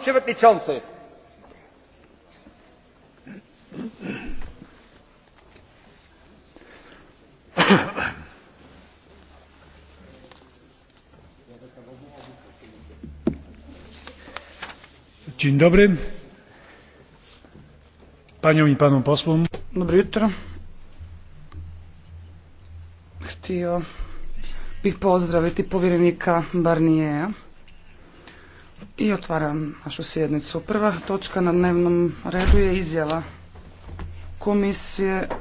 przewodniczący! Dzień dobry paniom i panom posłom. Dobro jutro. Htio bih pozdraviti povjerenika Barnijeja. I otvaram našu sjednicu. Prva točka na dnevnom redu je izjava komisije